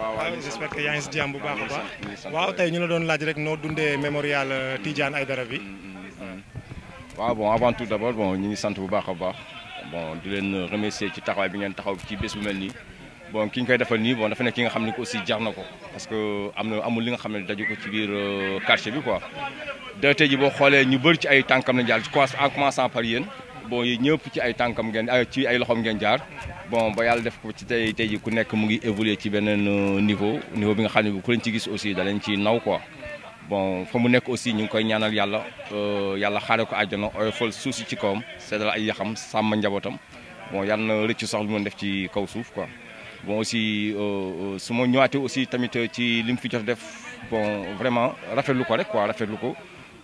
waaw j'espère que yaa ngi si jàmm bu baax a baax tey ñu la doon laaj rek noo dundee mémorial euh, Tidiane Aidara bi mm, mm, mm, waaw bon avant tout d'abord bon ñu ngi sant bu baax a baax bon di leen remercier ci taxawaay bi ngeen taxaw ci bés bu mel nii bon ki ñu koy defal nii bon dafa nekk ki nga xam ne ko aussi jar na ko parce que am na amul li nga xam ne daju ko ci biir euh, quartier bi quoi da ji boo xoolee ñu bëri ci ay tànkam lañ jaar en commençant par yéen bon yéen ñëpp ci ay tànkam ngeen ci ay loxom ngeen jaar bon ba yàlla def ko ci tey tey ji ku nekk mu ngi évoluer ci beneen euh, niveau niveau bi nga xam ne bu ku leen ci gis aussi da leen ci naw quoi bon fa mu nekk aussi ñu ngi koy ñaanal yàlla euh, yàlla xaare ko àjjana oyofal suuf si ci kawam seddal ay yaxam sàmm njabootam bon yàlla na rëccu sax lu mu def ci kaw suuf quoi bon aussi euh, su ma ñëwaatee aussi tamit ci li mu fi jot def bon vraiment rafetlu ko rek quoi rafetlu ko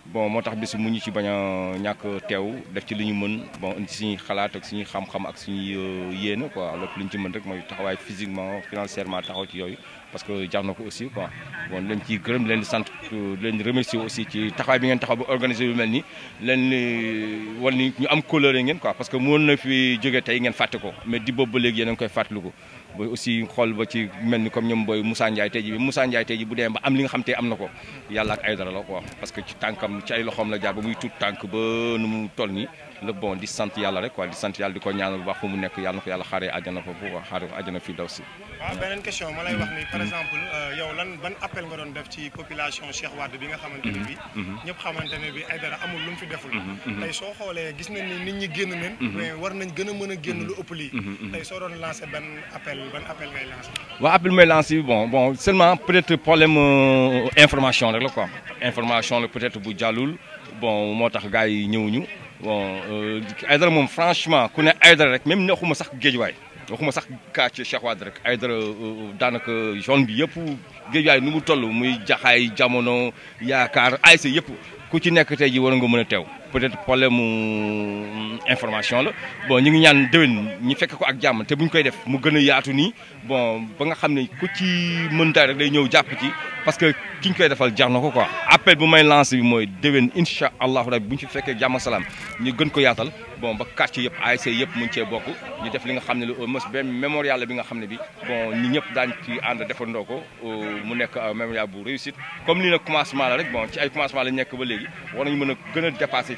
bon moo tax bés mu ñu ci bañ a ñàkk teew def ci li ñu mën bon indi suñuy xalaat ak suñuy xam-xam ak suñuy euh, yéene quoi lépp li ñu ci mën rek mooy taxawaay physiquement financièrement taxaw ci yooyu parce que jar na ko aussi quoi bon leen ciy gërëm leen di sant leen di remercier aussi ci taxawaay bi ngeen taxaw ba organiser bi mel nii leen ni wal ni ñu am couleur ngeen quoi parce que mën na fi jógee tey ngeen fàtte ko mais di boobu ba léegi yéen a ngi koy fàttaliku ba aussi xool ba ci mel ni comme ñoom booy Moussa Ndiaye tey ji bi Moussa Ndiaye tey ji bu demee ba am li nga xam te am na ko yàlla ak ay dara la quoi parce que ci tànkam ci ay loxoom la jaar ba muy tuut tànk ba nu mu toll nii le bon di sante yalla rek quoi di sante yalla diko ñaanal bu baax fu mu nekk yalla nako yalla yàlla xaaree àjjana foofu quoi xaaree ko àjjana fii daw si. waaw ah, beneen question ma lay wax ni par exemple euh, yow lan ban appel nga doon def ci population Cheikh Wade bi nga xamante bi mhm, mhm. ñëpp xamante bi ay dara amul lu fi deful mhm, tey so xolé gis nañ ni nit ñi genn nañ mais war nañ gëna mëna genn lu ëpp li tey so doon lancer ban appel ban appel ngay lancer wa appel may lancé bon bon seulement peut-être problème euh, information rek la quoi information le peut-être bu jàllul bon motax gaay gars yi ñëwuñu bon euh, Aidara moom franchement kune ne rek même ne waxuma sax géejuwaay waxuma sax quartier Cheikh Wade rek Aidara euh, euh, daanaka zone bi yëpp géejuwaay nu mu toll muy jaxaay jamono yaakaar ay yëpp ku ci nekk tey ji war nga mën a teew peut-être problème mm, information la bon ñu ngi ñaan déwén ñu fekk ko ak jàmm te bu ñu koy def mu gën a yaatu nii bon ba nga xam ne ku ci mëntaay rek day ñëw jàpp ci parce que ki ñu koy defal jar na ko ko appel bu may lancé bi mooy déwén incha allahu rabi bu ñu fi fekkee jàmm salaam ñu gën ko yaatal bon ba quartier yëpp ASC yëpp mun cee bokk ñu def li nga xam ne lu au moins benn mémorial bi nga xam ne bi bon ñi ñëpp daañ ci ànd defandoo ko mu nekk euh, mémorial bu réussite comme lii commencement rek bon ci ay commencement la nekk ba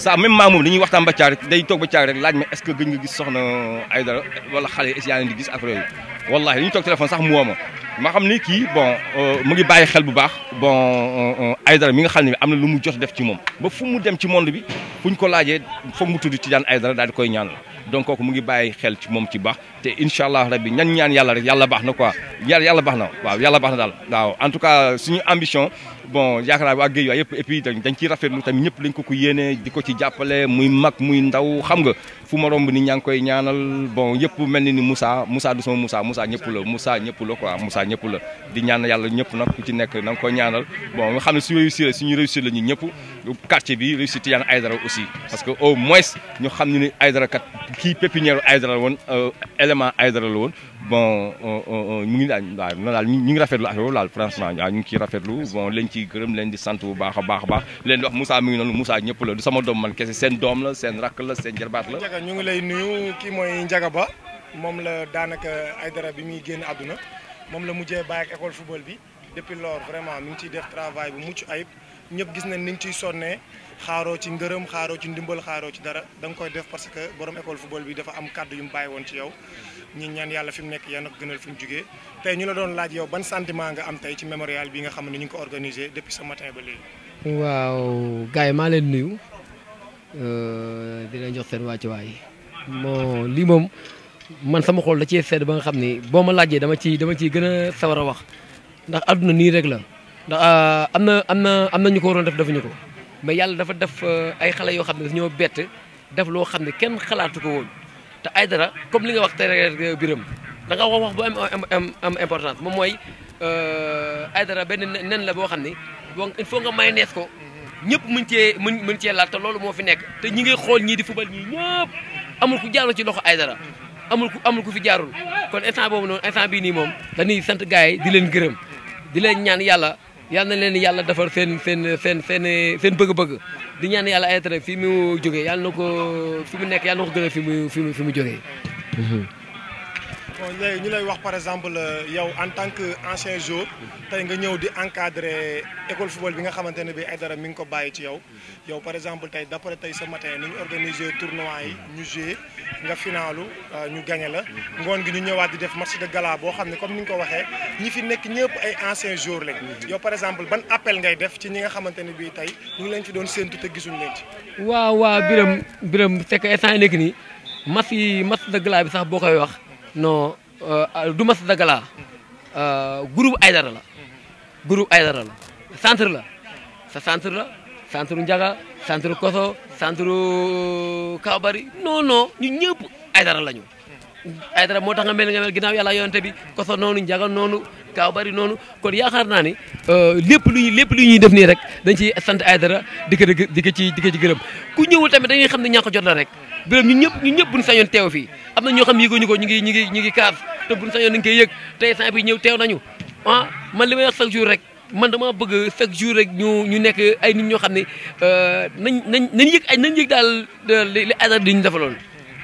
saa même maa moom dañuy waxtaan ba caag rek day tok ba caag rek laaj ma est-ce que gëj nga gis soxna Aïdara wala xalé yi yaa leen di gis ak yooyu wallaahi dañuy tok téléphone sax mu woo ma ma xam ni kii bon euh, mu ngi baye xel bu baax bon euh, euh, Aïdara mi nga xam ne am lu mu jot def ci mom ba fu mu dem ci monde bi fuñ ko laajee foog mu ci Tidiane Aïdara daal di koy ñaan donc kooku mu ngi baye xel ci mom ci baax té inshallah rabbi ñan ñaan yalla rek yalla baax na quoi yalla yàlla baax na waaw yalla baax na daal waaw en tout cas suñu ambition bon yaakaar naa waa Guédiawaye yëpp et puis dañ ciy rafetlu tamit ñëpp lañ ko ko yéenee di ko ci jàppale muy mag muy ndaw xam nga fu ma romb ni ñaa ngi koy ñaanal bon yëpp mel ni ni Moussa Moussa du sama Moussa Moussa ñëpp la Moussa ñëpp la quoi Moussa ñëpp la di ñaan yàlla ñëpp nag ku ci nekk na nga ko ñaanal bon xam ne su réussir suñu réussir la ñu ñëpp quartier bi réussir Tidiane dara aussi parce que au mois ñu xam ne ni Aidara kat kii ay Aidara la woon euh, élément Aidara la bon mu ngi daal waaw noonu daal ñu ngi rafetlu affaire boobu daal franchement waaw ñu ngi ciy rafetlu bon leen ciy gërëm leen di sant bu baax a baax a baax leen di wax Moussa mi ngi noonu Moussa ñëpp la du sama doom man kese seen doom la seen rakk la seen jarbaat la. Ndiaga ñu ngi lay nuyu kii mooy Ndiaga Ba moom la daanaka ay Aïdara bi muy génn àdduna moom la mujjee bàyyi ak école football bi depuis lors vraiment mi ngi ciy def travail bu mucc ayib ñëpp gis nañ ni ñu ciy sonnee xaaroo ci ngërëm xaaroo ci ndimbal xaaroo ci dara da koy def parce que borom école football bi dafa am kàddu yu mu bàyyi woon ci yow ñi ñaan yàlla fi mu nekk yéen a gënal fi mu jugee tey ñu la doon laaj yow ban sentiment nga am tey ci mémorial bi nga xam ne ñu ngi ko organisé depuis ce matin ba léegi. waaw gars yi maa leen nuyu euh, di leen jox seen wàccuwaay bon lii moom man sama xool da cee sedd ba nga xam ni boo ma laajee dama ciy dama ciy gën a sawar a wax ndax àdduna nii rek la ndax euh, am na am na am na def defuñu ko. mais yàlla dafa def euh, ay xale yoo xam ne dañoo bett def loo xam ne kenn xalaatu ko woon te ay dara comme li nga wax tey rek euh, biram da nga wax wax bu am am importance moom mooy euh, ay dara benn nen la boo xam ne bon il faut nga may nees ko ñëpp mu cee mën mën cee laal te loolu moo fi nekk te ñi ngay xool ñii di fubal ñii ñëpp amul ku jaarul ci loxo ay dara amul ku amul ku fi jaarul kon instant boobu noonu instant bii nii moom dañuy sant gars yi di leen gërëm di ñaan yàlla yal na leen yàlla defar seen seen fen seen seen bëgg-bëgg di ñaan yàlla ay fi mu jógee yàlla ko fi mu nekk yàlla ko gën fi mu fi mu mu jógee. Mm-hmm. bon léegi ñu lay wax par exemple euh, yow en tant que ancien joueur tey nga ñëw di encadrer école football bi nga xamante ne bi Aidara mi ngi ko bàyyi ci yow yow par exemple tey d'après tey sa matin ni ñu organiser tournoi yi ñu joué nga finalu euh, ñu gagné la ngoon gi ñu ñëwaat di def match de gala boo xam ne comme ni nga ko waxee ñi fi nekk ñëpp ay ancien joueur lañ yow par exemple ban appel ngay def ci ñi nga xamante ne bi tey ñu ngi leen fi doon séentu te gisuñ leen ci waaw waaw Birame Birame fekk instant yi nekk yi match de gala bi sax boo koy wax non euh, du ma sa gala euh, groupe Aydara la groupe Aydara la centre la sa centre la centre Njaga centre Koso centre euh, Kaabari non non ñu ñëpp Aydara la ay dara moo tax nga mel nga mel ginnaaw yàlla yonte bi koso noonu njagal noonu kaaw bari noonu kon yaakaar naa ni euh, lépp lu ñuy lépp lu ñuy def nii rek dañ ci sant ay dara di ko di ko ci di ko ci gërëm ku ñëwul tamit dañuy xam ne ñàkk jot la rek birom ñu ñëpp sañoon teew fii am na ñoo xam yëguñu ko ñu ngi ñu ngi ñu ngi kaas te buñ sañoon dañ koy yëg tey sant bi teew nañu ah, man li may wax chaque jour rek man dama bëgg chaque jour rek ñu ñu nekk ay nit ñoo xam ne euh, nañ nañ nañ yëg ay nañ yëg daal li ay dara di ñu defaloon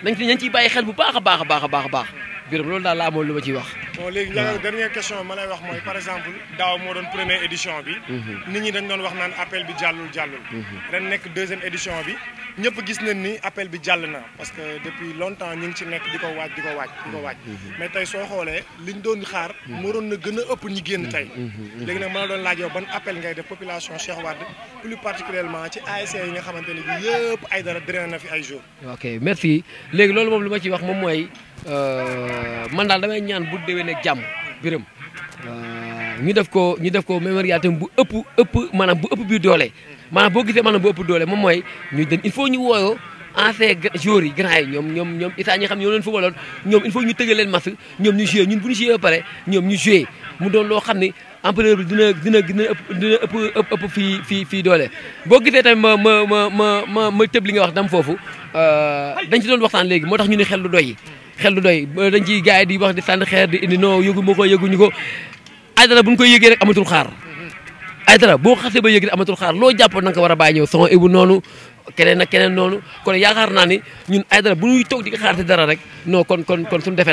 nañ ci nañ ciy bàyyi xel bu baax a baax a baax a baax a baax Birame lolou da la amoon luma ci wax. bon légui la dernière question ma lay wax moy par exemple daw mo doon première édition bi. Mhm. nit ñi dañ doon wax naan appel bi jallul jallul mhm. ren nek deuxième édition bi ñëpp gis nañ ni appel bi jall na parce que depuis longtemps ñing ci nek diko ko diko di diko waaj mhm. mais tay so xolé liñ doon xaar. mo doon na gëna ëpp ñi génn tay légui nak ma la doon laaj yow ban appel ngay def population Cheikh wad plus particulièrement ci ASC yi nga xamanteni bi yëpp ay dara drainé na fi ay jours. ok merci légui lolou mom luma ci wax mom moy Euh, man daal damay ñaan bu déwee nekk jàmm biram euh, ñu def ko ñu def ko mémorial tamit bu ëpp ëpp maanaam bu ëpp bii doole maanaam boo gisee maanaam bu ëpp doole moom mooy ñu dañ il faut ñu wooyoo ancien joueurs yi grand yi ñoom ñoom ñoom Issa ñi xam ñoo leen footballoon ñoom il faut ñu tëggal leen match ñoom ñu joué ñun bu ñu joué ba ñoom ñu joué mu doon loo xam ne empereur bi dina dina dina ëpp dina ëpp ëpp fii fii fii doole. boo gisee tamit ma ma ma ma ma tëb li nga wax dam foofu euh, dañ ci doon waxtaan léegi moo tax ñu ne xel lu doy xel du doy dañ ciy gars yi di wax di xeer di indi non yëgu ma ko yëguñu ko ay dara bu ñu koy rek amatul xaar ay dara boo xasee ba yëg rek amatul xaar loo jàppoon na nga ko war a bàyyi ñëw son ibu noonu keneen ak keneen noonu kon yaakaar naa ni ñun ay dara bu ñuy toog di xaar te dara rek non kon kon kon suñu la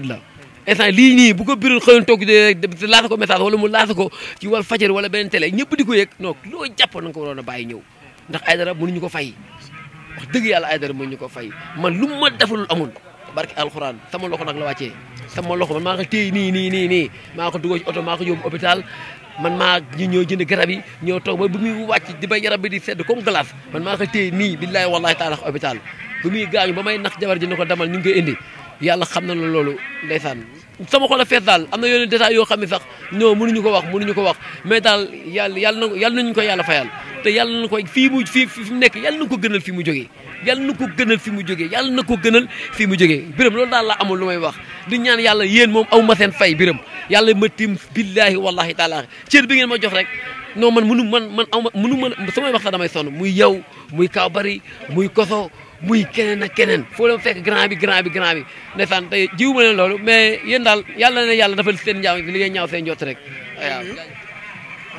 instant lii nii bu ko biral xëyoon toog di laata ko message wala mu laata ko ci wal fajar wala beneen télé ñëpp ko yëg non loo jàppoon na a barke alxuraan sama loxo nag la wàccee sama loxo man maa ko téye nii nii nii nii maa ko dugal oto maa ko yóbbu hôpital man maa ñu ñoo jënd garab yi ñoo toog ba bu muy wàcc di ba yaram bi di sedd comme glace man maa ko téye nii billaahi wallaahi taala hôpital bu muy gaañu ba may nax jabar ji ne ko demal ñu ngi koy indi yàlla xam na la loolu ndeysaan sama ko la fees daal am na yeneen détails yoo xam ne sax non mënuñu ko wax ñu ko wax mais daal yàlla yàlla na yàlla nañu ko yàlla fayal te yàlla na ko fii mu fii fi mu nekk yàlla nu ko gënal fi mu jógee yàlla na ko gënal fi mu jógee yàlla na ko gënal fii mu jógee biram loolu daal la amul lu may wax di ñaan yàlla yéen moom aw ma seen fay biram yàlla ma tim billaahi wallahi taala cër bi ngeen ma jox rek non man mënu man man aw ma mënu man samay wax sax damay sonn muy yow muy kaw bari muy koso muy keneen na keneen foo leen fekk grand bi grand bi grand bi ndeysaan tey jiwu ma leen loolu mais yéen daal yàlla na yàlla dafa seen njaaw li ngay ñaaw seen njott rek waaw waaw mmh.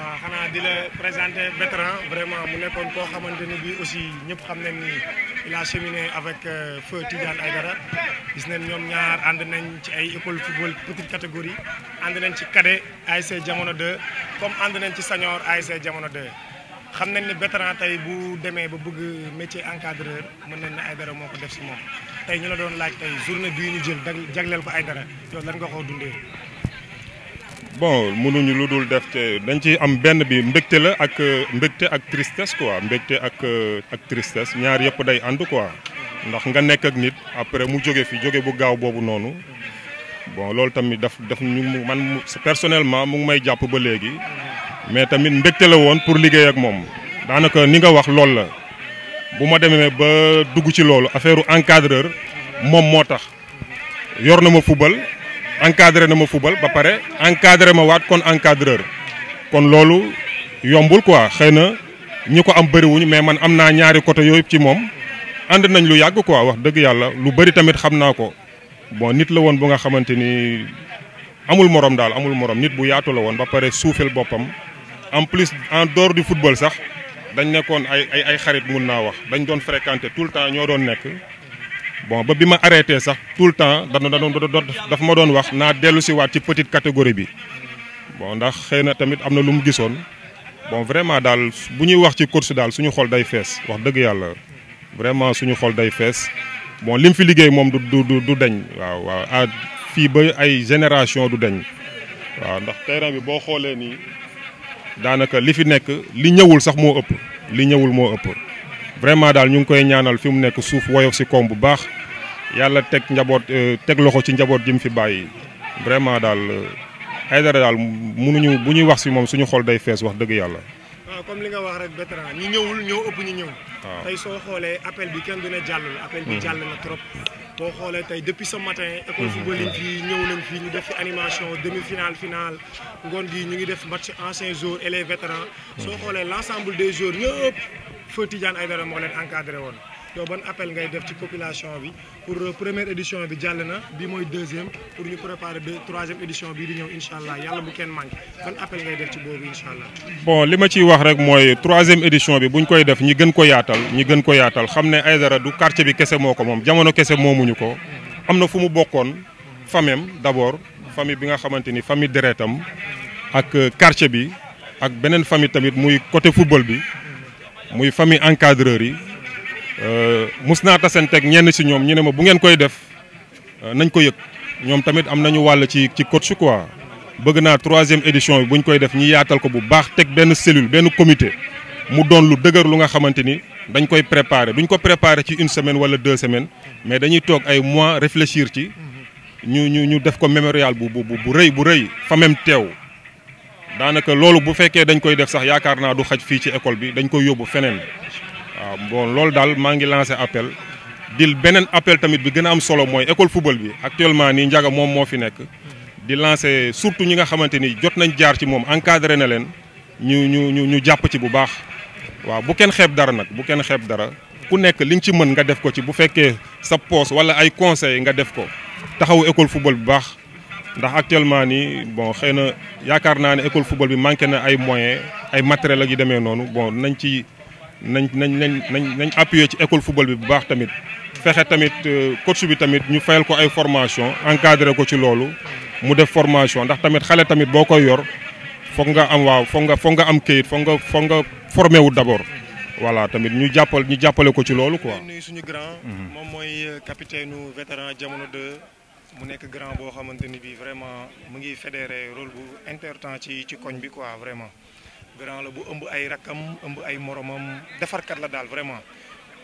ah, xanaa di la présenter Bertrand vraiment mu nekkoon koo xamante ni bii aussi ñëpp xam nañ ni il a cheminé avec euh, feu Tidiane Aïdara gis nañ ñoom ñaar ànd nañ ci ay école football petite catégorie ànd nañ ci cadet ASC jamono de comme ànd nañ ci senior ASC jamono 2. xam nañ ne vétéran tey bu demee ba bëgg métier encadreur mën nañ ay Aidara moo ko def si moom tey ñu la doon laaj tey journée bii ñu jël jagleel ko Aidara yow lan nga ko dundee. bon mënuñu lu dul def te dañ ci am benn bi mbégte la ak mbégte ak tristesse quoi mbégte ak ak tristesse ñaar yëpp day ànd quoi ndax nga nekk ak nit après mu jóge fi jóge bu gaaw boobu noonu bon loolu tamit daf daf ñu man personnellement mu ngi may jàpp ba léegi. mais tamit mbégte la woon pour liggéey ak moom daanaka ni nga wax loolu la bu ma demee ba dugg ci loolu affaire encadreur moom moo tax yor na ma fubal encadré na ma fubal ba pare encadré ma waat kon encadreur kon loolu yombul quoi xëy na ñi ko am bëriwuñu mais man am naa ñaari côté yooyu ci moom ànd nañ lu yàgg quoi wax dëgg yàlla lu bëri tamit xam naa ko bon nit la woon bu nga xamante ni amul morom daal amul morom nit bu yaatu la woon ba pare suufeel boppam en plus en dehors du football sax dañ nekkoon ay ay xarit mun naa wax dañ doon fréquenter tout le temps ñoo doon nekk bon ba bi ma arrêté sax tout le temps da doon daf ma doon wax naa dellu si waat ci petite catégorie bi bon ndax xëy na tamit am na lu mu gisoon bon vraiment daal bu ñuy wax ci course daal suñu xol day fees wax dëgg yàlla vraiment suñu xol day fees bon li mu fi liggéey moom du du du deñ waaw waaw fii ba ay génération du deñ waaw ndax terrain bi boo xoolee daanaka li fi nekk li ñëwul sax moo ëpp li ñëwul moo ëpp vraiment daal ñu ngi koy ñaanal fi mu nekk suuf woyof si koom bu baax yàlla teg njaboot euh, teg loxo ci njaboot ji mu fi bàyyi vraiment daal euh, Aidara daal mu mënuñu bu ñuy wax si moom suñu xol day fees wax dëgg yàlla. waaw ah, comme li nga wax rek Bertrand ñi ñëwul ñoo ëpp ñu ñëw. waaw ah. tey soo xoolee appel bi kenn du ne jàll la appel bi hmm. jàll na trop. depuis ce matin. nous mhm. football fait animation demi finale finale nous avons anciens et les vétérans. Mhm. L'ensemble des jours, nous avons fait un encadré yow ban appel ngay def ci population bi pour première édition bi jàll na bi mooy deuxième pour ñu préparer deux troisième édition bi di ñëw incha allah yàlla bu kenn manqué ban appel ngay def ci boobu incha allah. bon li ma ciy wax rek mooy troisième édition bi buñ koy def ñi gën ko yaatal ñi gën ko yaatal xam ne Aidara du quartier bi kese moo ko moom jamono kese moomuñu ko am na fu mu bokkoon famem d'abord famille bi nga xamante ni famille deretam ak quartier bi ak beneen famille tamit muy côté football bi muy famille encadreur yi. Euh, mus naa tasanteeg ñenn si ñoom ñu ne ma bu ngeen koy def euh, nañ ko yëg ñoom tamit am nañu wàll ci ci coach quoi bëgg naa troisième édition bi bu ñu koy def ñi yaatal ko bu baax teg benn cellule benn comité mu doon lu dëgër lu nga xamante ni dañ koy préparer duñ ko préparer ci une semaine wala deux semaine mais dañuy toog ay mois réfléchir ci ñu ñu ñu def ko mémorial bu bu bu rëy bu rëy fa même teew daanaka loolu bu fekkee dañ koy def sax yaakaar naa du xaj fii ci école bi dañ koy yóbbu feneen waaw bon loolu daal maa ngi lancé appel di beneen appel tamit bi gën a am solo mooy école football bi actuellement nii Ndiaga moom moo fi nekk. di lancé surtout ñi nga xamante ni jot nañ jaar ci moom encadré na leen ñu ñu ñu ñu jàpp ci bu baax waaw bu kenn xeeb dara nag bu kenn xeeb dara. ku nekk li nga ci mën nga def ko ci bu fekkee sa poos wala ay conseil nga def ko taxawu école football bu baax ndax actuellement nii bon xëy na yaakaar naa ne école football bi manqué na ay moyens ay matériel ak yu demee noonu nañ ci nañ nañ nañ nañ nañ appuyer ci école football bi bu baax tamit fexe tamit euh, coach bi tamit ñu fayal ko ay formation encadré ko ci loolu mu def formation ndax tamit xale tamit boo koy yor foog nga am waaw foog nga foog nga am kayit foog nga foog nga formé wu d'abord voilà tamit ñu jàppal ñu jàppale ko ci loolu quoi. nuyu suñu grand. Mhm. moom mooy euh, capitaine nu vétéran jamono 2 mu nekk grand boo xamante ni bii vraiment mu ngi fédéré rôle bu important ci ci koñ bi quoi vraiment. grand la bu ëmb ay rakam ëmb ay moromam kat la dal vraiment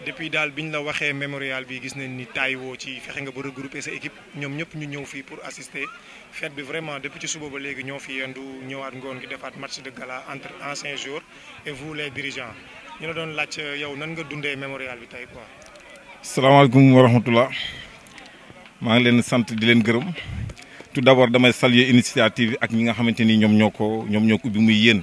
depuis dal biñ la waxé mémorial bi gis nañ ni taayoo ci fexé nga bu regrouper sa équipe ñom ñëpp ñu ñëw fi pour assister fête bi vraiment depuis ci suba ba légui ñoo fi yendu ñëwaat ngoon gi defaat match de gala entre anciens joueurs et vous les dirigeants ñu la doon lacc euh, yow nan nga dundé mémorial bi tay quoi. salaamaaleykum wa rahmatullah ma ngi leen sant di leen gërëm tout d'abord damay saluer initiative ak ñi nga xamante ñom ñoko ñom ko ñoom ubbi muy yeen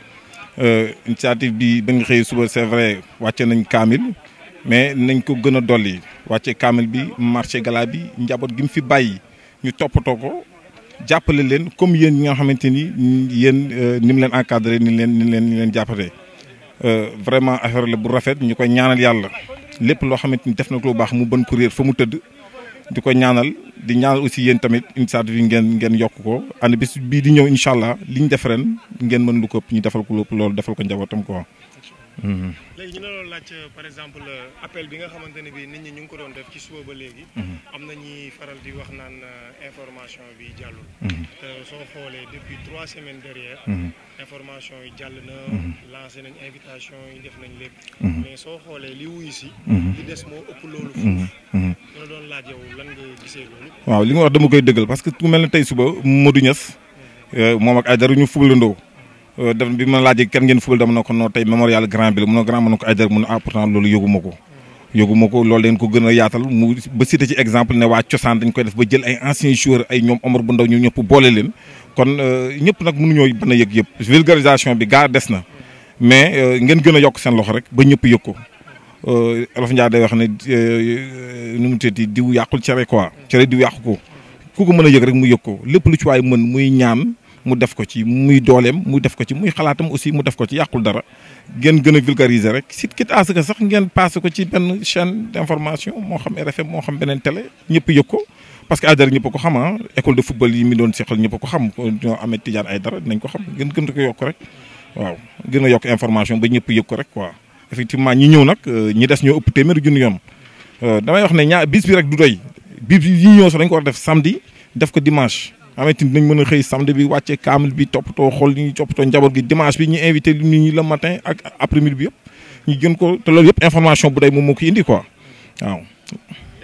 Euh, initiative bi ba nga xëyee suba c'est vrai wàcce nañ kaamil mais nañ ko gën a dolli wàcce kaamil bi marché gala bi njaboot gi mu fi bàyyi ñu toppatoo ko jàppale leen comme yéen ñi nga xamante ni yéen euh, ni mu leen encadré ni leen ni leen ni leen jàppatee euh, vraiment affaire la bu rafet ñu koy ñaanal yàlla lépp loo xamante ni def na ko lu baax mu bën ko réer fa mu tëdd. di ko ñaanal di ñaanal aussi yéen tamit initiative yi ngeen ngeen yokk ko ànd bis bii di ñëw incha allah li ñu def ren ngeen mën lu ko ëpp ñu defal ko lépp loolu defal ko njabootam quoi. Mhm. léegi ñu ne loolu laaj euh, par exemple euh, appel bi nga xamante ne bii nit ñi ñu ngi ko doon def ci suba ba léegi. Mhm. am na ñuy faral di wax naan euh, information bi jàllul. Mhm. soo xoolee depuis trois semaines derrière. information yi jàll na. lancé nañ invitation yi def nañ lépp. mais soo xoolee li wuyu si. li moo loolu. waaw li nga wax dama koy dëggal parce que ku mel ne tey suba Modou Niass euh, moom ak Aïdara ñu fubalandoo euh, def bi a laajee kenn ngeen fubal dama ne ko non tey mémorial grand bi la mun a grand mën na ko Aïdara mun a ah pourtant loolu yóbbu ko. loolu leen ko gën a yaatal mu ba cité ci exemple ne waa cosaan dañ koy def ba jël ay anciens joueurs ay ñoom Omar bu ndaw ñu ñëpp boole leen kon euh, ñëpp nag mënuñoo ban a yëg yëpp vulgarisation bi gaa des na mais ngeen gën a yokk seen loxo rek ba ñëpp yëg ko Euh, olof Ndiaye day wax ne euh, euh, nu mu tëddi diw yàqul cere quoi cere diw yàqu ko ku ko mën a yëg rek mu yëg ko lépp lu ci waay mën muy ñaan mu def ko ci muy dooleem mu def ko ci muy xalaatam aussi mu def ko ci yàqul dara ngeen gën a vulgariser rek si quitte à ce que sax ngeen passé ko ci benn chaîne d' information moo xam RFM moo xam beneen télé ñëpp yëg ko. parce que Aïdara ñëpp ko xam ah école de football yi mi doon seqal ñëpp ko xam ñoo amee Tidiane Aïdara dinañ ko xam gën gën ko yokk rek waaw gën a yokk information ba ñëpp yëg ko rek quoi. effectivement ñi ñëw nag euh, ñi des ñoo ëpp téeméeri junni yoon euh, damay wax ne ñaa bis bi rek du doy bis bi yi ñëw sax dañ ko war a def samedi def ko dimanche ametin nañ mën a xëy samedi bi wàccee kaamil bi toppatoo xool li ñuy toppatoo njaboot gi dimanche bi ñu invité nit ñi le matin ak après bi yëpp ñu gën ko te loolu yëpp information bu day moom moo ko indi quoi waaw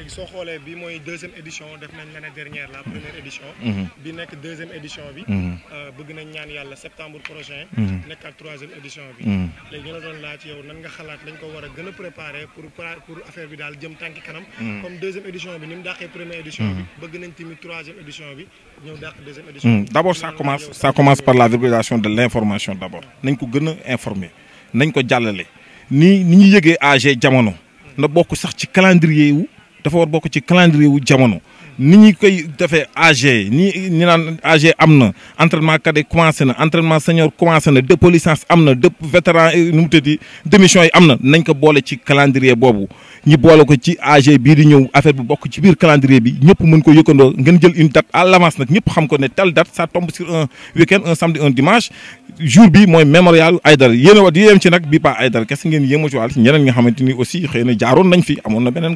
léegi soo xoolee bi mooy deuxième édition def nañ l'année dernière la première édition mhm. bi nekk deuxième édition bi mhm. euh, bëgg nañ ñaan yàlla septembre prochain mhm. nekkaat troisième édition bi léegi ñu la doon laaj yow nan nga xalaat lañ ko war a gën a préparer pour pour affaire bi daal jëm tànki kanam comme deuxième édition bi ni mu dàqee première édition bi bëgg nañ tamit troisième édition bi ñëw dàq deuxième édition d' abord ça commence ça commence par la vulgarisation de l' information d' abord nañ ko gën a informer nañ ko jàllale ni ni ñu yëgee AG jamono mm. na bokk sax ci calendrier wu dafa war bokk ci calendrier wu jamono ni ñu koy defee AG ni ñu naan AG am na entraînement cadet commencé na entraînement senior commencé na dépôt licence am na dëpp vétéran euh, nu mu tëddi démission yi am na nañ ko boole ci calendrier boobu ñu boole ko ci AG bii di ñëw affaire bi bokk ci biir calendrier bi ñëpp mën ko yëkkandoo ngeen jël une date à l'avance nag ñëpp xam ko ne telle date ça tombe sur un week un samedi un dimanche jour bi mooy mémorial Aïdara yéen a wat yéem ci nag bii pas Aïdara ni aussi xëy na jaaroon nañ fi amoon na beneen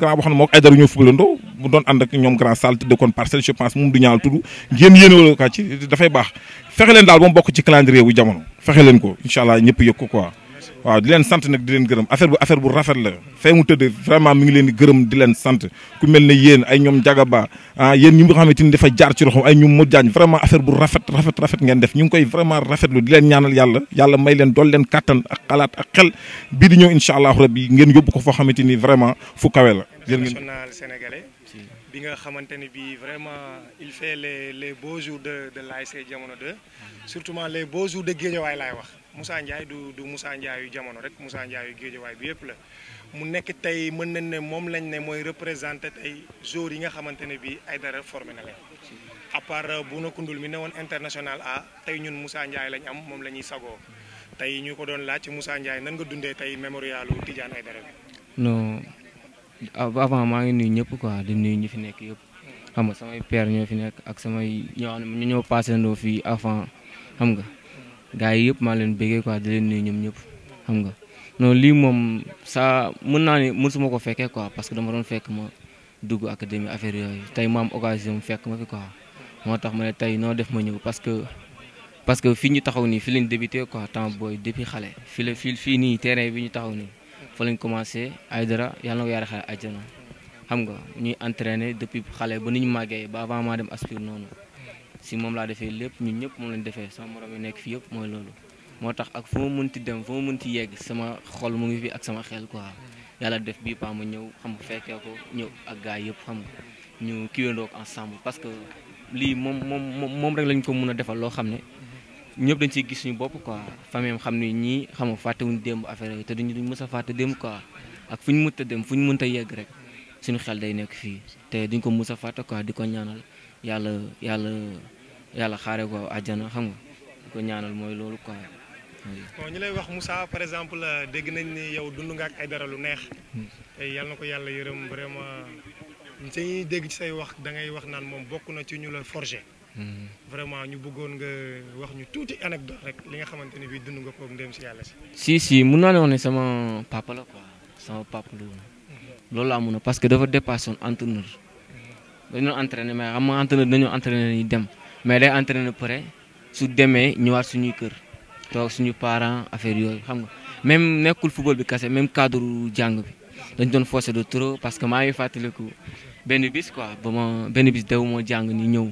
Tall dëkkoon parcelle je pense moom du ñaal tudd ngeen yéen wala ci dafay baax fexe daal ba mu bokk ci calendrier bu jamono fexe ko incha allah ñëpp ko waaw di sant nag di gërëm affaire bu affaire bu rafet la fay mu tëdd vraiment mi gërëm di sant ku mel ne yéen ay ñoom jagaba ah yéen ñi nga vraiment affaire bu rafet rafet rafet ngeen def ñu koy vraiment rafetlu di leen ñaanal yàlla yàlla may leen dool leen kàttan bi nga xamante ni bii vraiment il fait les les jour jours de de l'ASC jamono de surtout les beaux jours de Guédiawaay laay wax Moussa Ndiaye du du Moussa jamono rek Moussa Ndiaye yu bi yëpp la mu nekk tey mën nañ ne moom lañ ne mooy représenté tey joueurs yi nga xamante ne bii ay dara formé na leen à part euh, Bouna Koundoul mi ne woon international A tey ñun Moussa Ndiaye lañ am moom la ñuy sagoo tey ñu ko doon laaj ci Moussa Ndiaye nan nga dundee tey mémorialu Tidiane Aidara bi avant maa ngi nuyu ñëpp quoi di nuyu ñi fi nekk yëpp xam nga samay per ñoo fi nekk ak samay ñoo xam ne ñu ñoo passé ndoo fii avant xam nga gars yi yëpp maa leen bëggee quoi di leen nuyu ñoom ñëpp xam nga non lii moom saa mën naa ni mësuma ko fekkee quoi parce que dama doon fekk ma dugg académie affaire yooyu tey ma am occasion fekk ma fi quoi moo tax ma ne tey noo def ma ñëw parce que parce que fii ñu taxaw nii fi leen débuté quoi temps booy depuis xale fi la nii terrain bi ñu taxaw nii fa lañ commencé Aïdara yàlla na ko yaara xaar àjjana xam nga ñuy entraîné depuis xale ba ni ñu màggee ba avant maa dem aspire noonu si moom laa defee lépp ñun ñëpp moom lañ defee sama morom nekk fii yëpp mooy loolu moo tax ak fu ma mënti dem fu ma mënti yegg sama xol mu ngi fi ak sama xel quoi yàlla def bii paa ma ñëw xam nga fekkee ko ñëw ak gars yëpp xam nga ñu kiwéndook ensemble parce que lii moom moom moom rek lañ ko mën a defal loo xam ne ñépp dañ ciy gis suñu bopp quoi famille am xam ne ñii xam nga fàttewuñu démb affaire yooyu te duñu duñ mës a fàtte démb quoi ak fu ñu mënta dem fu ñu mënta yegg rek suñu xel day nekk fii te duñ ko mës a fàtte quoi di ko ñaanal yàlla yàlla yàlla xaare ko àjjana xam nga di ko ñaanal mooy loolu quoi. bon ñu lay wax Moussa par exemple dégg nañ ni yow dund nga ak ay dara lu neex. te yal na ko yàlla yërëm vraiment. te ñuy dégg ci say wax da ngay wax naan moom bokk na ci ñu la forger. vraiment ñu bëggoon nga wax ñu tuuti anecdote rek li nga xamante ne bii dund nga koog ndem si yàlla si. si mun naa ne sama papa la sama papa loolu. loolu laa mun a parce que dafa dépassé woon entraîneur. dañoo entraîné mais am nga entraîneur dañoo entraîné ñu dem mais day entraîné pare su demee ñëwaat suñuy kër toog suñu parents affaire yooyu xam nga même nekkul football bi kase même cadre jàng bi dañ doon forcé de trop parce que maa ngi fàttaliku benn bis quoi ba ma benn bis dew moo jàng ni ñëw.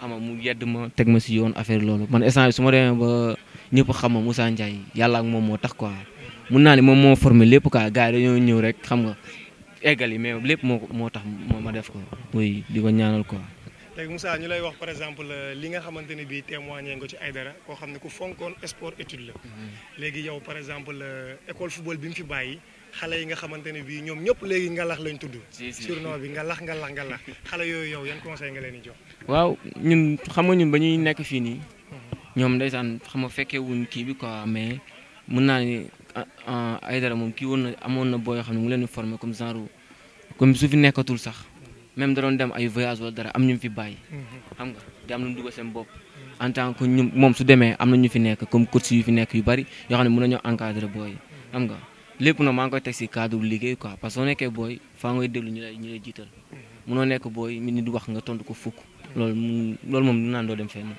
ama mu yedd ma teg ma si yoon affaire loolu man instant bi su ma demee ba ñëpp xam ma Moussa Ndiaye yàlla ak moom moo tax quoi mun naa ne moom moo formé lépp quoi gars yi dañoo ñëw rek xam nga eggal yi mais lépp moo moo tax moo ma def ko muy di ko ñaanal quoi. léegi Moussa ñu lay wax par exemple euh, li nga xamante ne bii témoigné nga ci Aïdara koo xam ne ku fonkoon sport étude la. Mhm. léegi yow par exemple euh, école football bi mu fi bàyyi. xale yi nga xamante ne bii ñoom ñëpp léegi ngalax lañ tudd. surnom bi ngalax ngalax ngalax xale yooyu yow yan conseil nga leen di jox. waaw ñun xam nga ba ñuy nekk fii nii. Hmm. ñoom ndeysaan xam nga fekkee wuñ kii bi quoi mais mën naa ne ay ah, ah, dara moom kii woon na amoon na boo xam ne mu leen di formé comme genre nekkatul sax. Hmm. même da doon ay voyage wala ñu fi bàyyi. Hmm. xam nga di am lu mu dugal seen bopp. en tant ñun moom su demee am na ñu fi nekk comme coach yu fi nekk yu bari yoo xam ne na nañoo encadré booy xam nga. lépp na maa ngi koy teg si cadre liggéey quoi parce que soo nekkee booy faa ngay déglu ñu lay ñu jiital munoo nekk booy mi nit wax nga tontu ko fukk loolu mu moom du naan doo dem fenn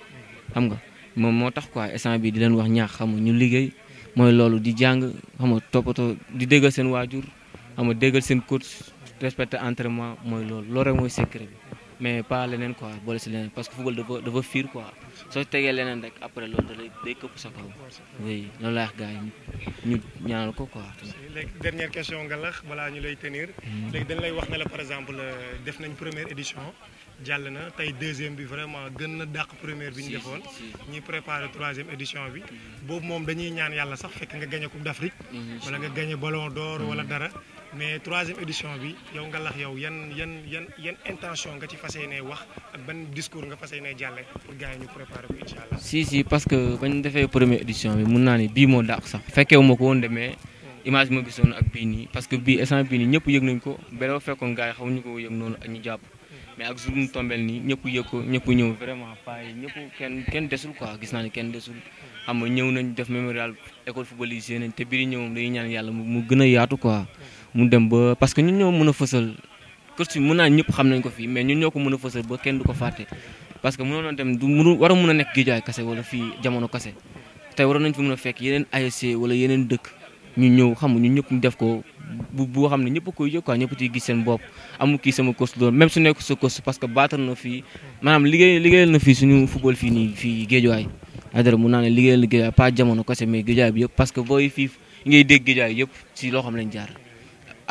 xam nga moom moo tax quoi instant bi di leen wax ñaax xam nga ñu liggéey mooy loolu di jàng xam nga toppatoo di déggal seen waajur xam nga déggal seen coach respecté entraînement mooy loolu loolu rek mooy secret bi mais pas leneen quoi boole c'est leneen parce que football dafa dafa fiir quoi soo tegee leneen rek après loolu da lay day këpp sa oui loolu laa wax gars yi ñu ñaanal ko quoi. dernière question nga lax balaa ñu lay tenir. Hmm. léegi dañ lay wax ne par exemple def nañ première édition jàll na tey deuxième bi vraiment gën na première bi ñu defoon. ñuy préparé troisième édition bi. Hmm. boobu moom dañuy ñaan yàlla sax fekk nga gagné coupe d'Afrique. Hmm. wala nga gagné ballon d'or wala dara. mais troisième édition bi yow nga lax yow yan yan intention nga ci fas yéenee wax ak ban discours nga fas yéenee jàlle pour gars yi ñu préparer bi mun naa ne bii moo dàq sax fekkee ma ko woon demee image bi ma gisoon ak bii nii parce que bii instant bii nii ñëpp yëg nañ ko beneen fekkoon gars yi xamuñu ko yëg noonu ak ñu jàpp. mais ak jour ñu tombeel nii ñëpp yëg ko ñëpp ñëw vraiment paa ñëpp kenn desul quoi gis naa ne kenn desul. xam ñëw nañ def mémorial mu dem ba parce que ñun ñoo mën a fësal kër si mën naa ñëpp xam nañ ko fii mais ñun ñoo ko mën a fësal ba kenn du ko fàtte parce que mënoon na dem du mënu war a a nekk Guédiawaye kase wala fii jamono kase tey waroon nañ a fekk yeneen ASC wala yeneen dëkk ñu ñëw xam ñëpp ñu def ko boo xam ne ñëpp a koy yëg seen bopp amul kii sama coach doon su nekk parce que baatal na fii maanaam liggéey liggéeyal na fii suñu football fii nii fii Guédiawaye Aïdara mun naa ne liggéeyal na Guédiawaye pas jamono kase mais Guédiawaye bi yëpp parce que booy fii ngay dégg Guédiawaye yëpp si loo xam lañ jaar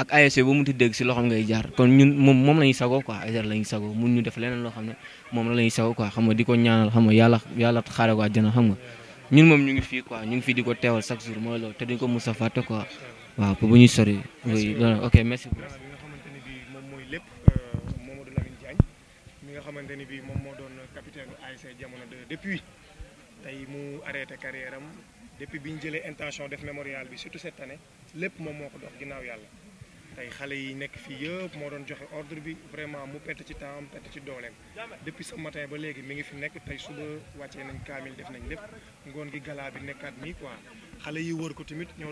ak ASC bu mu ti dégg si loo loxoom ngay jaar kon ñun moom moom la ñuy sagoo quoi ASC la ñuy sagoo mun leneen loo xam ne moom la ñuy sagoo quoi xam nga di ko ñaanal xam nga yàlla yàlla xaare ko àjjana xam nga ñun moom ñu ngi fii quoi ñu ngi fii di ko teewal chaque jour mooy loolu te duñ ko mos a fàtte quoi waaw pour bu ñuy sori. ok merci beaucoup. nga xamante ni bii euh, moom moo doon capitaine ASC jamono 2 depuis tey mu arrêté carrière am depuis bi ñu jëlee intention def mémorial bi surtout cette lépp moom moo ko dox ginnaaw yàlla tey xale yi nekk fii yëpp doon joxe ordre bi vraiment mu pett ci temps pett ci dooleem depuis ce matin ba léegi mi ngi fi nekk tey suba wàccee nañ kaamil def nañ lépp ngoon gi gala bi nekkaat nii quoi xale yi wër ko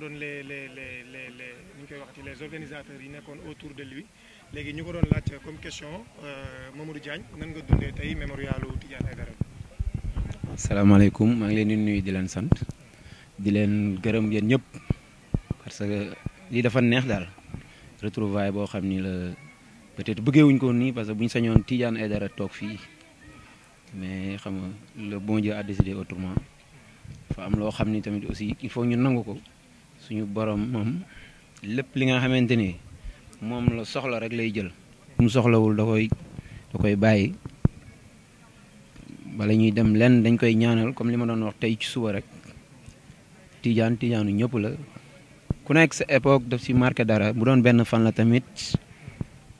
doon les les les les les ñu koy waxati les organisateurs yi nekkoon autour de lui léegi ñu doon comme question euh, Mamadou Diagne nan nga Tidiane ngi leen nuyu di leen sant di leen gërëm yéen ñëpp parce que dafa neex retrouvaille boo xam ni la peut-être bëggeewuñ ko nii parce que bu sañoon sañoon Tidiane dara toog fii mais xam nga bon Dieu a décidé autrement fa am loo xam ni tamit aussi il faut ñu nangu ko suñu borom moom lépp li nga xamante ni moom la soxla rek lay jël mu soxlawul da koy da koy bàyyi bala ñuy dem lenn dañ koy ñaanal comme li ma doon wax tey ci suba rek Tidiane Tidiane ñëpp la ku nekk sa époque daf si marqué dara bu doon benn fan la tamit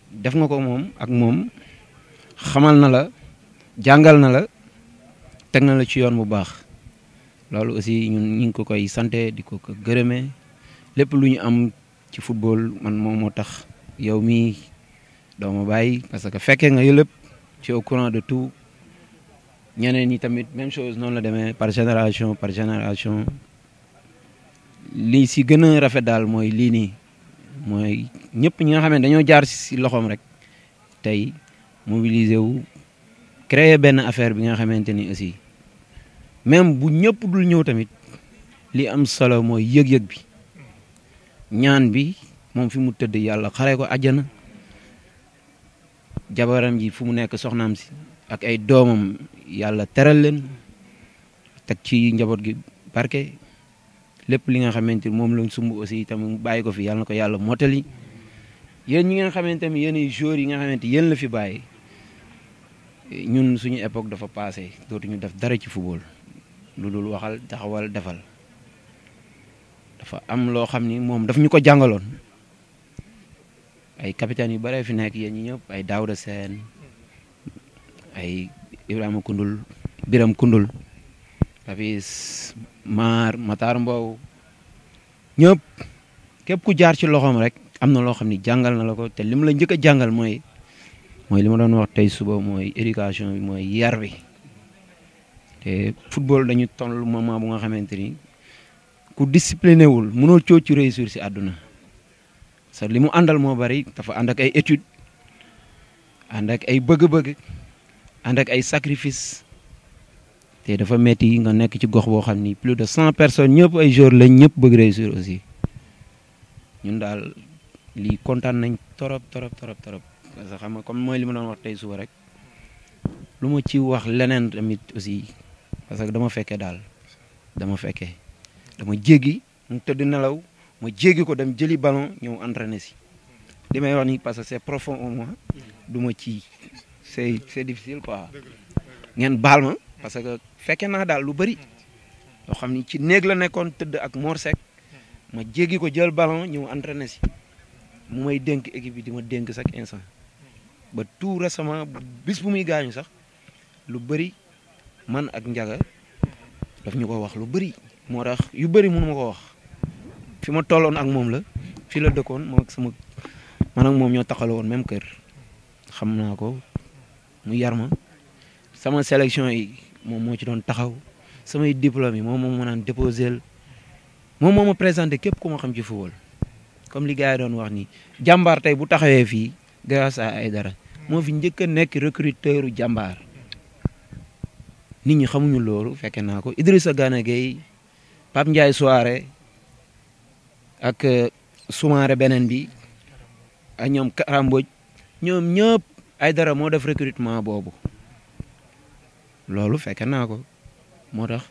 def nga ko moom ak moom xamal na la jàngal na la teg na la ci yoon bu baax loolu aussi ñun ñu ngi ko koy santé di ko ko gërëmee lépp lu ñu am ci football man moom moo tax yow mii doo ma bàyyi parce que fekkee nga yëlëpp ci au courant de tout ñeneen ñi tamit même chose noonu la demee par génération par génération li si gën a rafet daal mooy lii nii mooy ñëpp ñi nga xam dañoo jaar si loxoom rek tey mobiliser wu créer benn affaire bi nga xamante aussi même bu dul tamit li am solo mooy yëg bi ñaan bi moom fi mu tëdd yàlla xare ko àjjana jabaram ji fu mu nekk soxnaam si ak ay doomam yàlla teral leen ci gi barke lépp li nga xamante ni moom lañ sumb aussi itam mu bàyyi ko fi yàlla na ko yàlla mottali yéen yi nga xamante ni yéen joueurs yi nga xamante yéen la fi bàyyi ñun suñu époque dafa passé dootuñu def dara ci football lu dul waxal taxawal defal dafa am loo xam ni moom daf ñu ko jàngaloon ay capitaine yu bare fi nekk yéen ñi ñëpp ay Daouda Sène ay Ibrahima Koundoul Biram Koundoul Papis Maar Matar Mbow ñëpp képp ku jaar ci loxoom rek am na loo xam ni jàngal na la ko te li la njëkk a jàngal mooy mooy li ma doon wax tey suba mooy éducation bi mooy yar bi te football dañu toll moment bu nga xamante ni ku discipliné wul mënoo coo ci réussir si àdduna sa li mu àndal moo bari dafa ànd ak ay études ànd ak ay bëgg-bëgg ànd ay sacrifice té dafa metti nga nek ci gox bo xamni plus de 100 personnes ñepp ay jour la ñepp bëgg réussir aussi ñun dal li contane nañ torop torop torop torop parce que xam nga comme moy li ma doon wax tay suba rek luma ci wax leneen tamit aussi parce que dama fekkee dal dama fekkee dama jéggi mu tedd nelaw ma jéggi ko dem jëli ballon ñëw entraîner ci li wax ni parce que c'est profond au moins duma ci c'est c'est difficile quoi ngeen balma ma parce que fekke na dal lu bari lo xamni ci néeg la teud ak Mor ma jegi ko jël ballon ñu entraîné ci mu may dénk équipe bi dima ma dénk instant ba tout récemment bis bu muy gañu sax lu bari man ak njaga daf ñuko ko wax lu bari mo tax yu bari mënu ma wax fi ma tolloon ak mom la fi la dëkkoon mo ak sama man ak mom ñoo taxale won même kër xamna ko mu yarma, sama sélection yi moom moo ci doon taxaw samay diplôme yi moom moo ma naan déposé moom moo ma présenté képp ku ma xam ci football comme li gars doon wax nii jàmbaar bu taxawee fii grâce à Aidara moo fi njëkk a nekk recruteur jàmbaar nit ñi xamuñu loolu fekke naa ko Idrissa Gana Gueye Pape Ndiaye Souare ak euh, Soumaré beneen bi ak ñoom Karamboj ñoom ñëpp Aidara moo def recrutement boobu loolu fekke naa ko moo tax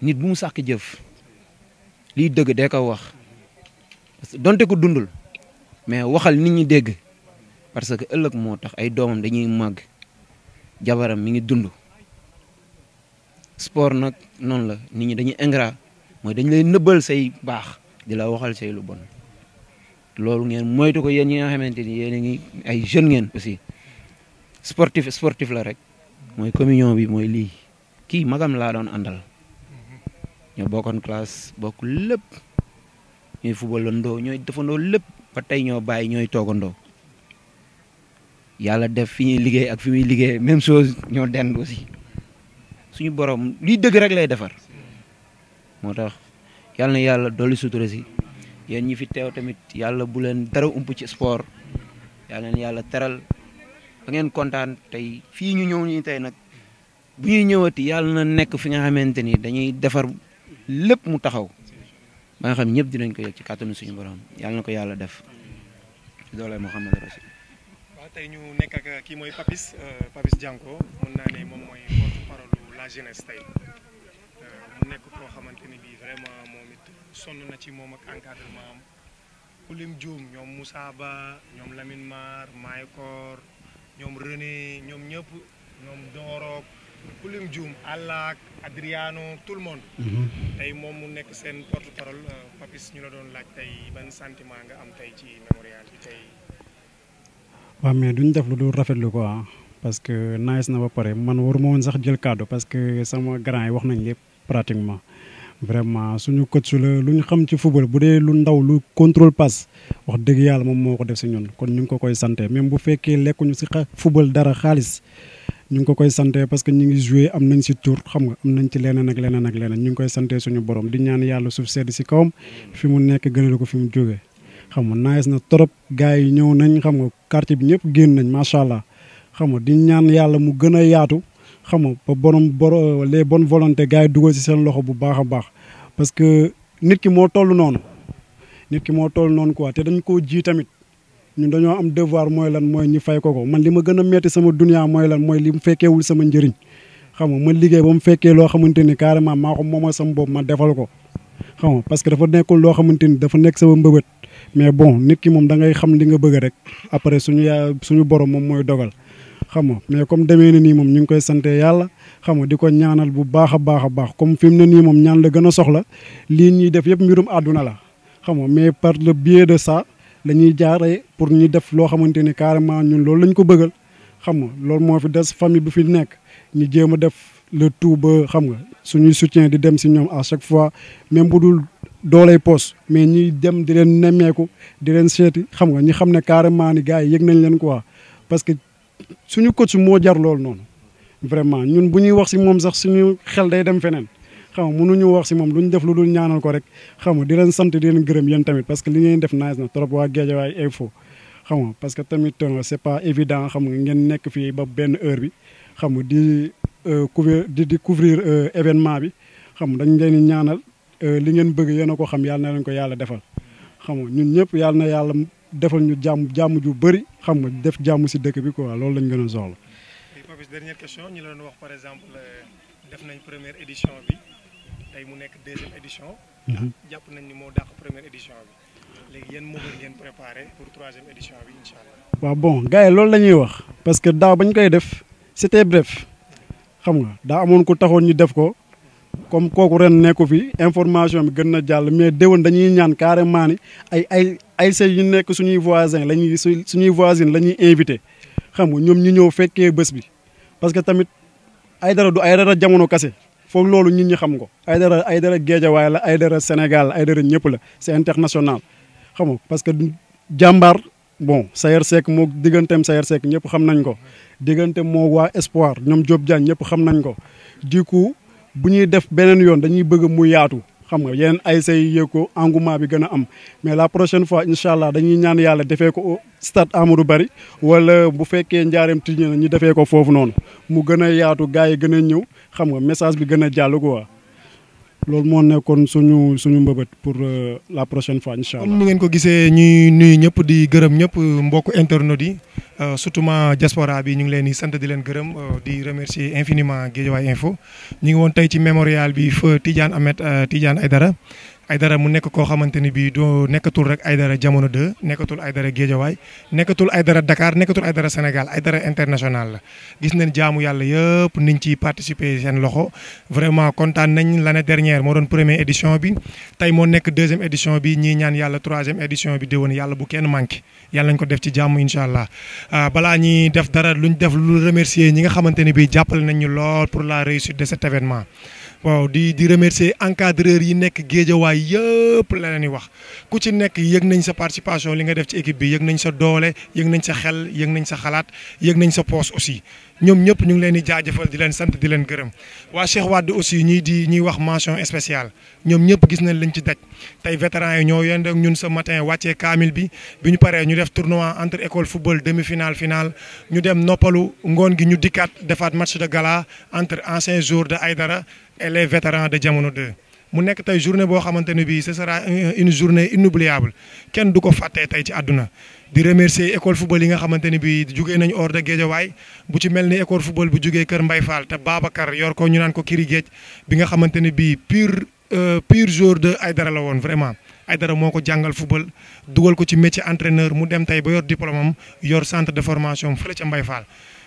nit bu mu sàkk jëf liy dëgg dee ko wax parce que donte ko dundul mais waxal ni ñi dégg parce que ëllëg moo tax ay doomam dañuy màgg jabaram mi ngi dundu sport nag noonu la nit ñi dañuy ingrat mooy dañ lay nëbbal say baax di la waxal say lu bon loolu ngeen mooy moytu ko yéen ñi nga xamante ni yéen a ngi ay jeune ngeen aussi sportif sportif la rek moy communion bi moy li ki magam laa doon andal mm-hmm. ñoo bokon classe bokk lépp ñooy fubalandoo ñoy defando lepp ba tay ño bay ñoy toogandoo yalla def fi liggey ak fi mi liggéey même chose ño den aussi suñu borom li deug rek lay defar motax yalla yàlla na yàlla sutura si yeen ñi fi tew tamit yalla bu len dara ump ci sport yalla na yalla teral da ngeen kontaan tey fii ñu ñëw ñu tey nag bu ñuy ñëwati yàlla na nekk fi nga xamante ni dañuy defar lépp mu taxaw ba nga xam ñëpp dinañ ko yëg ci kàttanu suñu borom yàlla na ko yàlla def doole Muhammad Rasul waaw tey ñu nekk ak kii mooy Papis euh, Papis janko mun naa ne moom mooy porte parole la jeunesse tey euh, mu nekk koo xamante ni vraiment moom it sonn na ci moom ak encadrement am kulim Dioum ñoom Moussa Ba ñoom Lamine Mar Maykor ñom René ñom ñëpp ñom doro kulim jum alak Adriano tout le monde. Mhm. tay mom mu nek sen porte parole euh, Papis ñu la doon laaj tay ban sentiment nga am tay ci memorial bi tay wa mais duñ def lu rafet lu quoi parce que nice na ba pare man waruma won sax jël cadeau parce que sama grand yi wax nañ lepp pratiquement. vraiment suñu coach la lu ñu xam ci football bu dee lu ndaw lu contrôle passe wax dëgg yàlla moom moo ko def si ñun kon ñu ngi ko koy sante même bu fekkee lekkuñu si football dara xaalis ñu ngi ko koy sante parce que ñu ngi joué am nañ si tour xam nga am nañ ci leneen ak leneen ak leneen ñu ngi koy sante suñu borom di ñaan yàlla suuf sedd si kawam fi mu nekk gënal ko fi mu jógee xam nga nages na trop gars yi ñëw nañ xam nga quartier bi ñëpp génn nañ macha allah xam nga di ñaan yàlla mu gën a yaatu xam nga ba borom boro les bonnes volontés gars yi dugal si seen loxo bu baax a baax parce que nit ki moo toll noonu nit ki moo toll noonu quoi te dañ koo ji tamit ñun dañoo am devoir mooy lan mooy ñu fay ko ko man li ma gën a metti sama dunia mooy lan mooy li mu sama njëriñ xam nga ma liggéey ba mu fekkee loo xamante ni carrément maa ko moomal sama bopp ma defal ko xam nga parce que dafa nekkul loo xamante ni dafa nekk sama mbëbët mais bon nit ki moom dangay ngay xam li nga bëgg rek après suñu yaa suñu borom moom mooy dogal xam nga mais comme demee na nii moom ñu ngi koy sante yàlla xam nga di ko ñaanal bu baax a baax baax comme fi mu ne nii moom ñaan la gën a soxla lii ñuy def yëpp mbirum àdduna la xam nga mais par le biais de ça la ñuy jaaree pour ñu def loo xamante ni carrément ñun loolu lañ ko bëggal xam loolu moo fi des famille bu fi nekk ñu jéem a def le tout ba xam nga suñuy soutien di dem si ñoom à chaque fois même bu dul doolay poos mais ñuy dem di leen nemmeeku di leen seeti xam nga ñi xam ne carrément ni gars yi yëg nañ leen quoi parce suñu coach moo jar loolu noonu vraiment ñun bu ñuy wax si moom sax suñu xel day dem feneen xam nga mënuñu wax si moom duñ def lu dul ñaanal ko rek xam nga di leen sant di leen gërëm yéen tamit parce que li ngeen def nice na trop waa Guédiawaye Infos xam nga parce que tamit euh, c'est pas évident xam nga ngeen nekk fii ba benn heure bi xam nga di euh, couvrir di di couvrir euh, événement bi xam nga dañ leen ñaanal li ngeen bëgg yéen a ko xam yàlla na leen ko yàlla defal xam defal ñu jàmm jàmm ju bëri xam nga def jàmm si dëkk bi ko quoi loolu lañ gën a soxla. tey question ñu leen wax par exemple euh, def nañ première édition bi tey mu nekk deuxième édition. Mhm. jàpp nañ ni moo dàq première édition bi léegi yan moo ngeen préparé pour troisième édition bi incha allah. waaw bon gars loolu la ñuy wax parce que daaw bañ koy def c'était bref xam nga daa amoon ko taxoon ñu def ko. comme kooku ren nekku fi information bi gën na jàll mais déwén dañuy ñaan carrément ni ay ay ay say yu nekk suñuy voisin la ñuy suñuy voisine la ñuy invité xam nga ñoom ñu ñëw fekkee bés bi parce que tamit ay dara du ay dara jamono kase foog loolu nit ñi xam ko ay dara ay dara la ay dara Sénégal ay dara ñëpp la see international xam nga parce que jàmbaar bon Sayer Seck moo digganteem Sayer seek ñëpp xam nañ ko diggante moo waa Espoir ñoom Diop Diagne ñëpp xam nañ ko du coup bu ñuy def beneen yoon dañuy bëgg mu yaatu xam nga yenn ay say yëg ko engouement bi gën a am mais la prochaine fois incha allah dañuy ñaan yàlla defee ko stade Amadou Barry wala bu fekkee njaareem tijji na ñu defee ko foofu noonu mu gën a yaatu gars yi gën a ñëw xam nga message bi gën a jàll quoi. loolu moo nekkoon suñu suñu mbëbët pour euh, la prochaine fois incha allah. comme ngeen ko gisee ñuy nuyu ñëpp di gërëm ñëpp mbokk internautes yi euh, surtout ma diaspora bi ñu ngi leen di sant di leen gërëm euh, di remercier infiniment Guédiawaye Info ñu ngi woon tey ci mémorial bi fa Tidiane Ahmed Tidiane dara ay Aidara mu nekk koo xamante ni bii doo nekkatul rek Aidara jamono 2 nekkatul Aidara géejawaay nekkatul ay Aidara Dakar nekkatul Aidara Sénégal Aidara international la gis nañ jaamu yàlla yëpp niñ ciy participer seen loxo vraiment kontaan nañ l'année dernière moo doon première édition bi tey moo nekk deuxième édition bi ñii ñaan yàlla troisième édition bi déwén yàlla bu kenn manqué yàlla nañ ko def ci jàmm incha allah ah, balaa ñuy def dara luñ def lu ñi nga xamante ni bii jàppale nañ ñu lool pour la réussite de cet waaw di di remercier encadreur yi nekk géejawaay yëpp la leen wax ku ci nekk yëg nañ sa participation li nga def ci équipe bi yëg nañ sa doole yëg nañ sa xel yëg nañ sa xalaat yëg nañ sa poste aussi ñoom ñëpp ñu ngi leen di jaajëfal di leen sant di leen gërëm waa Cheikh Wade aussi ñuy di ñuy wax mention spéciale ñoom ñëpp gis nañ lañ ci daj tey vétéran yi ñoo yënd ak ñun ce matin wàccee kaamil bi bi ñu ñu def tournoi entre école football demi finale final, ñu dem noppalu ngoon gi ñu dikkaat defaat match de gala entre anciens joueurs de et les vétérans de Jamono 2 mu nekk tey journée boo xamante ne bii ce une journée inoubliable kenn du ko fàttee tey ci àdduna di remercier école football yi nga xamante ne bii jugee nañu hors de Guédiawaye bu ci mel ni école football bu jugee Kër Mbay Fall te Babacar yor ko ñu naan ko Kiri Géej bi nga xamante ne bii pur euh, pur jour de Aïdara la woon vraiment ay dara moo ko jàngal football dugal ko ci métier entraîneur mu dem tey ba yor diplôme am yor centre de formation fële ca Mbay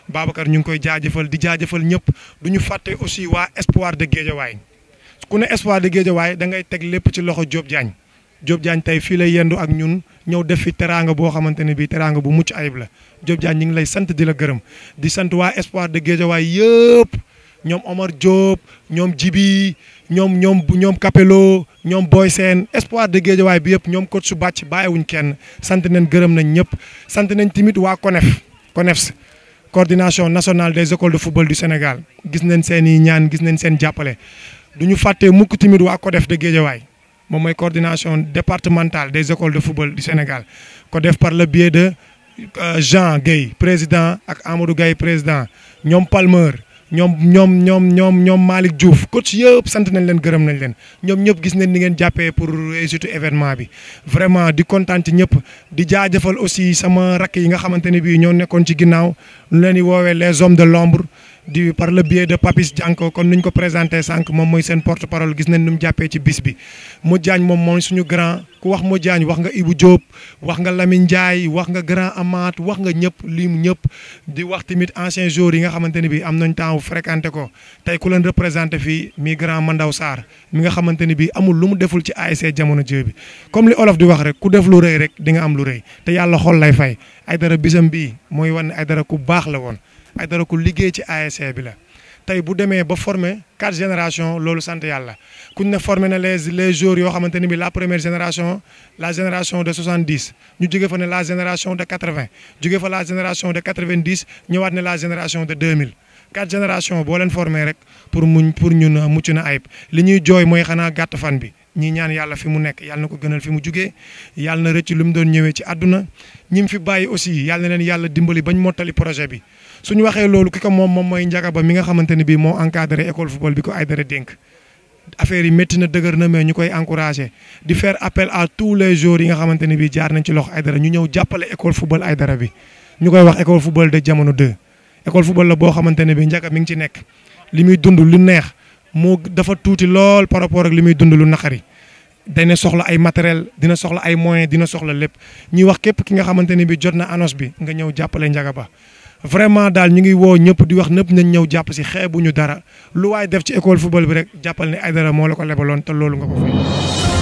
Babacar ñu ngi koy jaajëfal di jaajëfal ñëpp du ñu fàtte aussi waa Espoir de Guédiawaye ku ne Espoir de Guédiawaye da ngay teg lépp ci loxo Diop Diagne Diop Diagne tey fii lay yendu ak ñun ñëw def fi teraanga boo xamante ne bii teraanga bu mucc ayib la Diop Diagne ñu ngi lay sant di la gërëm di sant waa Espoir de Guédiawaye yëpp ñoom Omar Diop ñoom Jibi ñoom ñoom ñoom Capello ñoom Boy Sène Espoir de Guédiawaye bi yëpp ñoom coach su bàcc bàyyiwuñ kenn sant nañ gërëm nañ ñëpp sant nañ tamit waa CONEF CONEF coordination nationale des écoles de football du Sénégal gis nañ seen i ñaan gis nañ seen jàppale du ñu fàtte mukk tamit waa def de Guédiawaye moom mooy coordination départementale des écoles de football du Sénégal ko def par le biais de euh, Jean Gueye président ak Amadou gay président ñoom Palmer ñoom ñoom ñoom ñoom ñoom Malick Diouf coach yëpp sant nañ leen gërëm nañ leen ñoom ñëpp gis nañ ni ngeen jàppee pour surtout événement bi vraiment di kontaan ci ñëpp di jaajëfal aussi sama rakk yi nga xamante ne bii ñoo nekkoon ci ginnaaw lu leen di woowee les hommes de l'ombre di par le biais de Papis Dianko kon nuñ ko présenté sànq moom mooy seen porte parole gis nañ nu mu jàppee ci bis bi Modou jaañ moom mooy suñu grand ku wax Modou jaañ wax nga Ibou Diop wax nga Lamine Ndiaye wax nga grand Amath wax nga ñëpp lim ñëpp di wax tamit ancien joueurs yi nga xamante ne bi am nañ temps ko tey ku leen représenté fii mi grand Mandaw Sarr mi nga xamante ne bi amul lu mu deful ci as jamono jii bi comme li olof di wax rek ku def lu rëy rek di nga am lu rëy te yàlla xol lay fay ay dara bisam bii mooy wane dara ku baax la woon Aidara ku liggéey ci ASC e bi la tey bu demee ba forme quatre génération loolu sant yàlla kuñ ne forme na les les joueurs yoo xamante ni bi la première génération la génération de 70 ñu jóge fa ne la génération de 80 jóge fa la génération de 90 ñëwaat ne la génération de 2000 quatre génération boo leen formé rek pour muñ pour ñun mucc na ayib li ñuy jooy mooy xanaa gàtt fan bi ñi ñaan yàlla fi mu nekk yàlla na ko gënal fi mu jugee yàlla na rëcc lu mu doon ñëwee ci àdduna ñi mu fi bàyyi aussi yàlla na yàlla dimbali bañ mottali projet bi suñu waxé loolu ki mom moom moom mooy Ba mi nga xamanteni bi mo encadrer école football bi ko dara denk affaire yi metti na deuguer na mais ñukoy encourager di faire appel à tous les joueurs yi nga xamanteni bi jaar nañ ci ay dara ñu ñew jappalé école football dara bi ñukoy wax école football de jamono 2 école football la bo xamanteni bi njaga mi ngi ci nek limuy dund lu neex mo dafa touti lol par rapport ak limuy dund lu naqari dana soxla ay matériel dina soxla ay moyens dina soxla lepp ñi wax képp ki nga xamanteni bi jotna annonce bi nga ñew jappalé njaga Ba vraiment daal ñu ngi woo ñëpp di wax nëpp nañ ñëw jàpp si xeebuñu dara lu waaye def ci école football bi rek jàppal ne Aidara moo la ko lebaloon te loolu nga ko fay.